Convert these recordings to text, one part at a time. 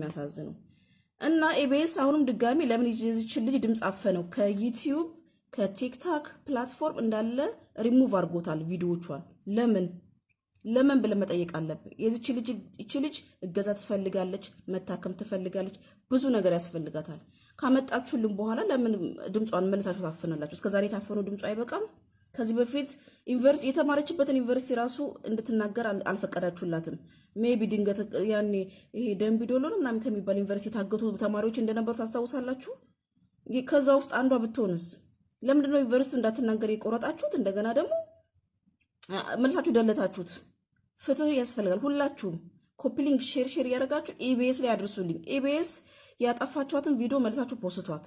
የሚያሳዝነው እና ኤቤስ አሁንም ድጋሚ ለምን የዚችን ልጅ ድምፅ አፈነው ከዩቲዩብ ከቲክታክ ፕላትፎርም እንዳለ ሪሙቭ አድርጎታል ቪዲዮቿን። ለምን ለምን ብለን መጠየቅ አለብን። የዚች ልጅ እገዛ ትፈልጋለች፣ መታከም ትፈልጋለች፣ ብዙ ነገር ያስፈልጋታል። ካመጣችሁልን በኋላ ለምን ድምጿን መልሳችሁ ታፍናላችሁ? እስከዛሬ የታፈነው ድምጿ አይበቃም? ከዚህ በፊት ዩኒቨርሲቲ የተማረችበትን ዩኒቨርሲቲ ራሱ እንድትናገር አልፈቀዳችሁላትም። ሜቢ ድንገት ያኔ ይሄ ደንቢ ዶሎ ነው ምናምን ከሚባል ዩኒቨርሲቲ የታገቱ ተማሪዎች እንደነበሩ ታስታውሳላችሁ። ከዛ ውስጥ አንዷ ብትሆንስ ለምንድን ነው ዩኒቨርሲቲ እንዳትናገር የቆረጣችሁት? እንደገና ደግሞ መልሳችሁ ደለታችሁት። ፍትህ ያስፈልጋል። ሁላችሁም ኮፒሊንግ ሼር ሼር እያደረጋችሁ ኢቢኤስ ላይ አድርሱልኝ። ኢቢኤስ ያጠፋችኋትን ቪዲዮ መልሳችሁ ፖስቷት።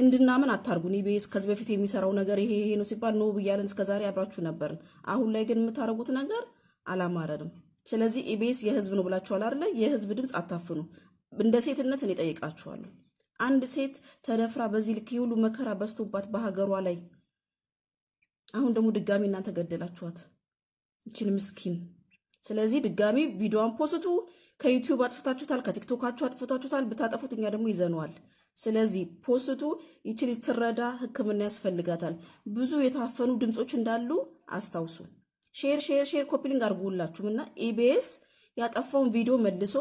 እንድናምን አታርጉን። ኢቢኤስ ከዚህ በፊት የሚሰራው ነገር ይሄ ይሄ ነው ሲባል ኖ ብያለን። እስከዛሬ አብራችሁ ነበርን። አሁን ላይ ግን የምታደርጉት ነገር አላማረንም። ስለዚህ ኢቢኤስ የህዝብ ነው ብላችኋል አይደለ? የህዝብ ድምፅ አታፍኑ። እንደ ሴትነት እኔ ጠይቃችኋለሁ። አንድ ሴት ተደፍራ በዚህ ልክ ሁሉ መከራ በዝቶባት በሀገሯ ላይ አሁን ደግሞ ድጋሚ እናንተ ገደላችኋት ይችን ምስኪን። ስለዚህ ድጋሚ ቪዲዮዋን ፖስቱ። ከዩቲዩብ አጥፍታችሁታል፣ ከቲክቶካችሁ አጥፍታችሁታል። ብታጠፉት እኛ ደግሞ ይዘነዋል። ስለዚህ ፖስቱ። ይችን ትረዳ፣ ህክምና ያስፈልጋታል። ብዙ የታፈኑ ድምፆች እንዳሉ አስታውሱ። ሼር ሼር ሼር ኮፒሊንግ አድርጎላችሁም እና ኢቢኤስ ያጠፋውን ቪዲዮ መልሶ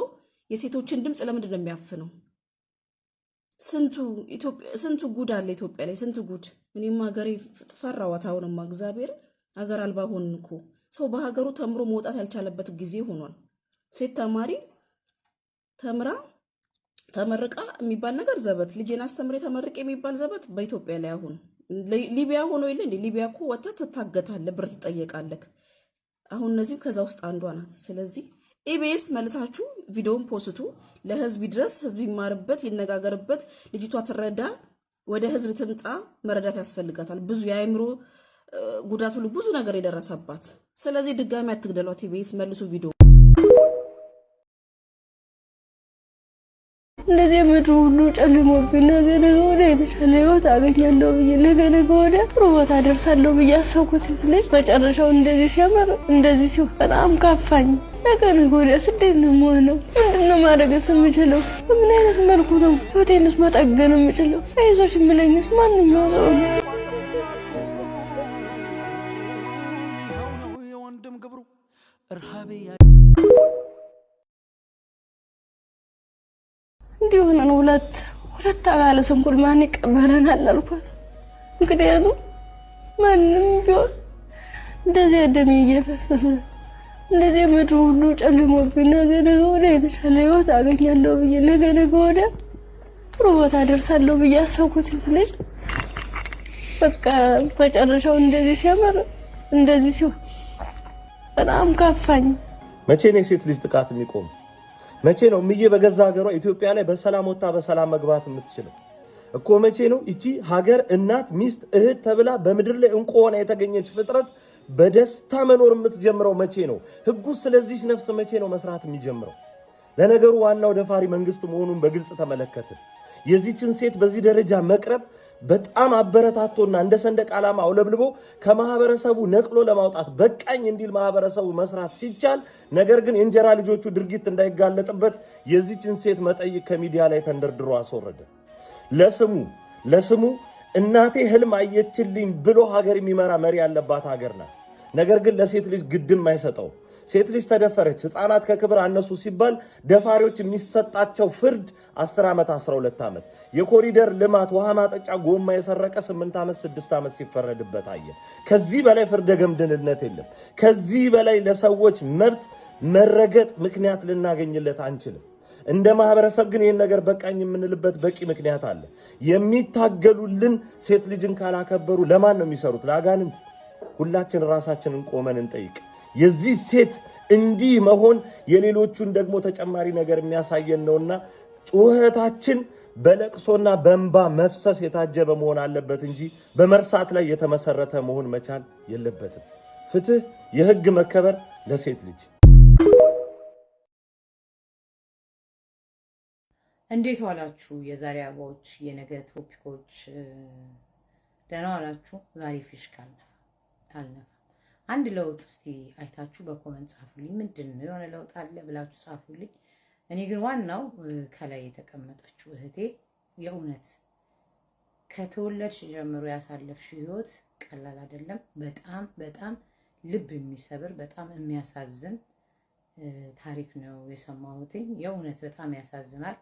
የሴቶችን ድምፅ ለምንድን ነው የሚያፍነው? ስንቱ ጉድ አለ ኢትዮጵያ ላይ ስንቱ ጉድ። እኔም ሀገሬ ፈራዋት። አሁንማ እግዚአብሔር ሀገር አልባ ሆንን እኮ። ሰው በሀገሩ ተምሮ መውጣት ያልቻለበት ጊዜ ሆኗል። ሴት ተማሪ ተምራ ተመርቃ የሚባል ነገር ዘበት ልጄን አስተምሬ ተመርቄ የሚባል ዘበት በኢትዮጵያ ላይ አሁን ሊቢያ ሆኖ የለ እንዴ? ሊቢያ እኮ ወጥታ ትታገታለህ፣ ብር ትጠየቃለህ። አሁን እነዚህም ከዛ ውስጥ አንዷ ናት። ስለዚህ ኢቢኤስ መልሳችሁ ቪዲዮን ፖስቱ፣ ለህዝብ ድረስ፣ ህዝብ ይማርበት፣ ይነጋገርበት፣ ልጅቷ ትረዳ፣ ወደ ህዝብ ትምጣ። መረዳት ያስፈልጋታል። ብዙ የአእምሮ ጉዳት ሁሉ ብዙ ነገር የደረሰባት። ስለዚህ ድጋሚ አትግደሏት። ኢቢኤስ መልሱ ቪዲዮ እንደዚህ ምድሩ ሁሉ ጨልሞብኝ ነገ ነገ ወዲያ የተሻለ ህይወት አገኛለሁ ብዬ ነገ ነገ ወዲያ ጥሩ ቦታ ደርሳለሁ ብዬ አሰብኩት ልጅ መጨረሻው እንደዚህ ሲያምር እንደዚህ ሲሆን በጣም ካፋኝ። ነገ ነገ ወዲያ ስደት ነው የምሆነው። ምንድነው ማድረግስ የምችለው? በምን አይነት መልኩ ነው ህይወቴንስ መጠገን የምችለው? አይዞሽ የምለኝስ ማንኛው ሰው ነው? እርሃቤ እንዲሁ ነን ሁለት ሁለት አባለ ስንኩል ማን ይቀበለናል አልኳት። ምክንያቱም ማንም ቢሆን እንደዚህ ደሜ እየፈሰሰ እንደዚህ ምድር ሁሉ ጨልሞብኝ ነገ ነገ ወዲያ የተሻለ ህይወት አገኛለሁ ብዬ ነገ ነገ ወዲያ ጥሩ ቦታ ደርሳለሁ ብዬ አሰብኩት ልጅ በቃ መጨረሻው እንደዚህ ሲያምር እንደዚህ ሲሆን በጣም ከፋኝ። መቼ ነው የሴት ልጅ ጥቃት የሚቆም? መቼ ነው እምዬ በገዛ ሀገሯ ኢትዮጵያ ላይ በሰላም ወጣ በሰላም መግባት የምትችለው? እኮ መቼ ነው እቺ ሀገር እናት፣ ሚስት፣ እህት ተብላ በምድር ላይ እንቁ ሆና የተገኘች ፍጥረት በደስታ መኖር የምትጀምረው መቼ ነው? ህጉ ስለዚች ነፍስ መቼ ነው መስራት የሚጀምረው? ለነገሩ ዋናው ደፋሪ መንግስት መሆኑን በግልጽ ተመለከትን። የዚችን ሴት በዚህ ደረጃ መቅረብ በጣም አበረታቶና እንደ ሰንደቅ ዓላማ አውለብልቦ ከማህበረሰቡ ነቅሎ ለማውጣት በቃኝ እንዲል ማህበረሰቡ መስራት ሲቻል፣ ነገር ግን የእንጀራ ልጆቹ ድርጊት እንዳይጋለጥበት የዚችን ሴት መጠይቅ ከሚዲያ ላይ ተንደርድሮ አስወረደ። ለስሙ ለስሙ እናቴ ህልም አየችልኝ ብሎ ሀገር የሚመራ መሪ ያለባት ሀገር ናት። ነገር ግን ለሴት ልጅ ግድም አይሰጠው። ሴት ልጅ ተደፈረች፣ ህፃናት ከክብር አነሱ ሲባል ደፋሪዎች የሚሰጣቸው ፍርድ 10 ዓመት 12 ዓመት፣ የኮሪደር ልማት ውሃ ማጠጫ ጎማ የሰረቀ 8 ዓመት 6 ዓመት ሲፈረድበት አየ። ከዚህ በላይ ፍርደ ገምድልነት የለም። ከዚህ በላይ ለሰዎች መብት መረገጥ ምክንያት ልናገኝለት አንችልም። እንደ ማህበረሰብ ግን ይህን ነገር በቃኝ የምንልበት በቂ ምክንያት አለ። የሚታገሉልን ሴት ልጅን ካላከበሩ ለማን ነው የሚሰሩት? ለአጋንንት። ሁላችን ራሳችንን ቆመን እንጠይቅ። የዚህ ሴት እንዲህ መሆን የሌሎቹን ደግሞ ተጨማሪ ነገር የሚያሳየን ነውና ጩኸታችን በለቅሶና በእንባ መፍሰስ የታጀበ መሆን አለበት እንጂ በመርሳት ላይ የተመሰረተ መሆን መቻል የለበትም። ፍትህ፣ የህግ መከበር ለሴት ልጅ። እንዴት ዋላችሁ? የዛሬ አበባዎች፣ የነገ ቶፒኮች፣ ደህና ዋላችሁ። ዛሬ ፊሽካ አልነፋ አንድ ለውጥ እስቲ አይታችሁ በኮመንት ጻፉልኝ። ምንድን ነው የሆነ ለውጥ አለ ብላችሁ ጻፉልኝ። እኔ ግን ዋናው ከላይ የተቀመጠችው እህቴ የእውነት ከተወለድሽ ጀምሮ ያሳለፍሽው ህይወት ቀላል አይደለም። በጣም በጣም ልብ የሚሰብር በጣም የሚያሳዝን ታሪክ ነው የሰማሁትኝ። የእውነት በጣም ያሳዝናል።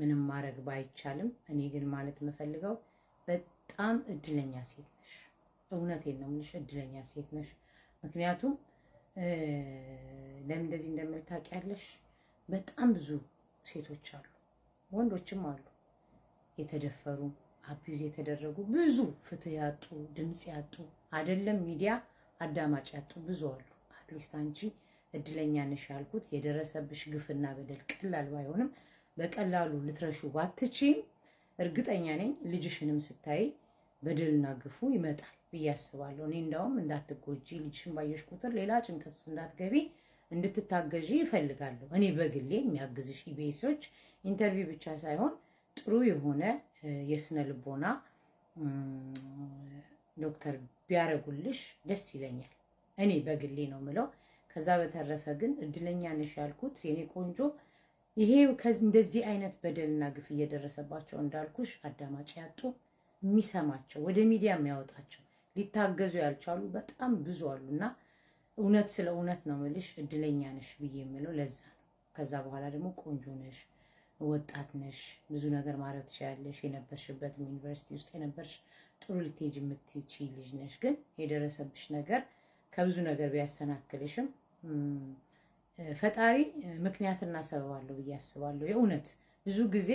ምንም ማድረግ ባይቻልም፣ እኔ ግን ማለት የምፈልገው በጣም እድለኛ ሴት ነሽ። እውነቴን ነው የምልሽ፣ እድለኛ ሴት ነሽ። ምክንያቱም ለምን እንደዚህ ያለሽ በጣም ብዙ ሴቶች አሉ፣ ወንዶችም አሉ፣ የተደፈሩ አቢዩዝ የተደረጉ ብዙ ፍትህ ያጡ ድምፅ ያጡ አይደለም ሚዲያ አዳማጭ ያጡ ብዙ አሉ። አትሊስት አንቺ እድለኛ ነሽ ያልኩት የደረሰብሽ ግፍና በደል ቀላል ባይሆንም በቀላሉ ልትረሹ ባትችም እርግጠኛ ነኝ ልጅሽንም ስታይ በደልና ግፉ ይመጣል። ብዬ አስባለሁ። እኔ እንደውም እንዳትጎጂ ልጅሽን ባየሽ ቁጥር ሌላ ጭንቀት ውስጥ እንዳትገቢ እንድትታገዢ ይፈልጋለሁ። እኔ በግሌ የሚያግዝሽ ኢቢኤሶች ኢንተርቪው ብቻ ሳይሆን ጥሩ የሆነ የስነ ልቦና ዶክተር ቢያረጉልሽ ደስ ይለኛል። እኔ በግሌ ነው ምለው። ከዛ በተረፈ ግን እድለኛ ነሽ ያልኩት የኔ ቆንጆ፣ ይሄ እንደዚህ አይነት በደልና ግፍ እየደረሰባቸው እንዳልኩሽ አዳማጭ ያጡ የሚሰማቸው ወደ ሚዲያ የሚያወጣቸው ሊታገዙ ያልቻሉ በጣም ብዙ አሉ እና እውነት ስለ እውነት ነው የምልሽ፣ እድለኛ ነሽ ብዬ የምለው ለዛ ነው። ከዛ በኋላ ደግሞ ቆንጆ ነሽ፣ ወጣት ነሽ፣ ብዙ ነገር ማድረግ ትችላለሽ። የነበርሽበት ዩኒቨርሲቲ ውስጥ የነበርሽ ጥሩ ልትሄጂ የምትችይ ልጅ ነሽ። ግን የደረሰብሽ ነገር ከብዙ ነገር ቢያሰናክልሽም ፈጣሪ ምክንያትና ሰበብ አለው ብዬ አስባለሁ። የእውነት ብዙ ጊዜ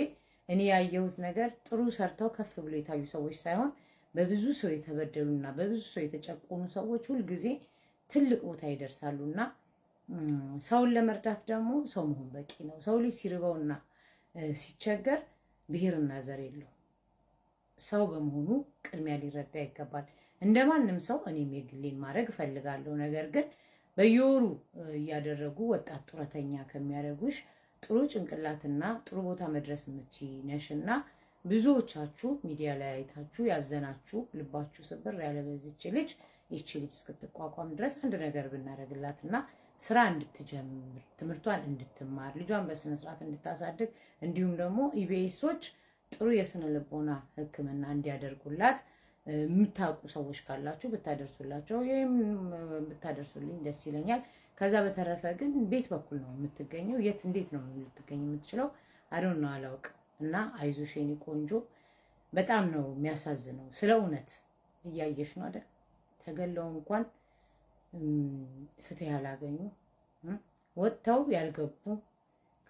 እኔ ያየሁት ነገር ጥሩ ሰርተው ከፍ ብሎ የታዩ ሰዎች ሳይሆን በብዙ ሰው የተበደሉና በብዙ ሰው የተጨቆኑ ሰዎች ሁልጊዜ ትልቅ ቦታ ይደርሳሉና ሰውን ለመርዳት ደግሞ ሰው መሆን በቂ ነው። ሰው ልጅ ሲርበውና ሲቸገር ብሔርና ዘር የለው ሰው በመሆኑ ቅድሚያ ሊረዳ ይገባል። እንደ ማንም ሰው እኔም የግሌን ማድረግ እፈልጋለሁ። ነገር ግን በየወሩ እያደረጉ ወጣት ጡረተኛ ከሚያደርጉሽ ጥሩ ጭንቅላትና ጥሩ ቦታ መድረስ የምትችይ ነሽ እና ብዙዎቻችሁ ሚዲያ ላይ አይታችሁ ያዘናችሁ ልባችሁ ስብር ያለ በዚች ልጅ ይቺ ልጅ እስክትቋቋም ድረስ አንድ ነገር ብናደርግላትና ስራ እንድትጀምር ትምህርቷን እንድትማር ልጇን በስነ ስርዓት እንድታሳድግ እንዲሁም ደግሞ ኢቢኤሶች ጥሩ የስነ ልቦና ሕክምና እንዲያደርጉላት የምታውቁ ሰዎች ካላችሁ ብታደርሱላቸው ወይም ብታደርሱልኝ ደስ ይለኛል። ከዛ በተረፈ ግን ቤት በኩል ነው የምትገኘው? የት እንዴት ነው ልትገኝ የምትችለው? ነው አላውቅ እና አይዞሽ የኔ ቆንጆ በጣም ነው የሚያሳዝነው። ስለ እውነት እያየሽ ነው አይደል? ተገለው እንኳን ፍትህ ያላገኙ ወጥተው ያልገቡ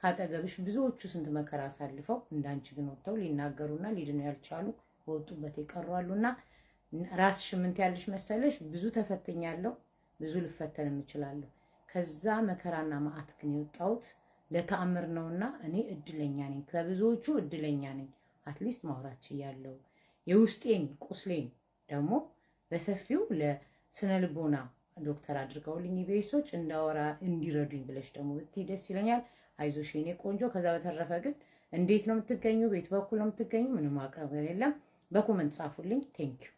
ካጠገብሽ ብዙዎቹ ስንት መከራ አሳልፈው እንዳንቺ ግን ወጥተው ሊናገሩና ሊድነው ያልቻሉ በወጡበት ይቀሯሉና ራስሽ ምንት ያለሽ መሰለሽ? ብዙ ተፈትኛለሁ፣ ብዙ ልፈተንም እችላለሁ። ከዛ መከራና ማዕት ግን የወጣሁት ለተአምር ነውና እኔ እድለኛ ነኝ፣ ከብዙዎቹ እድለኛ ነኝ። አትሊስት ማውራት ችያለሁ። የውስጤን ቁስሌን ደግሞ በሰፊው ለስነ ልቦና ዶክተር አድርገውልኝ ቤሶች እንዳወራ እንዲረዱኝ ብለሽ ደግሞ ብትይ ደስ ይለኛል። አይዞሽ የኔ ቆንጆ። ከዛ በተረፈ ግን እንዴት ነው የምትገኙ? ቤት በኩል ነው የምትገኙ? ምንም አቅርበር የለም። በኮመንት ጻፉልኝ። ቴንኪዩ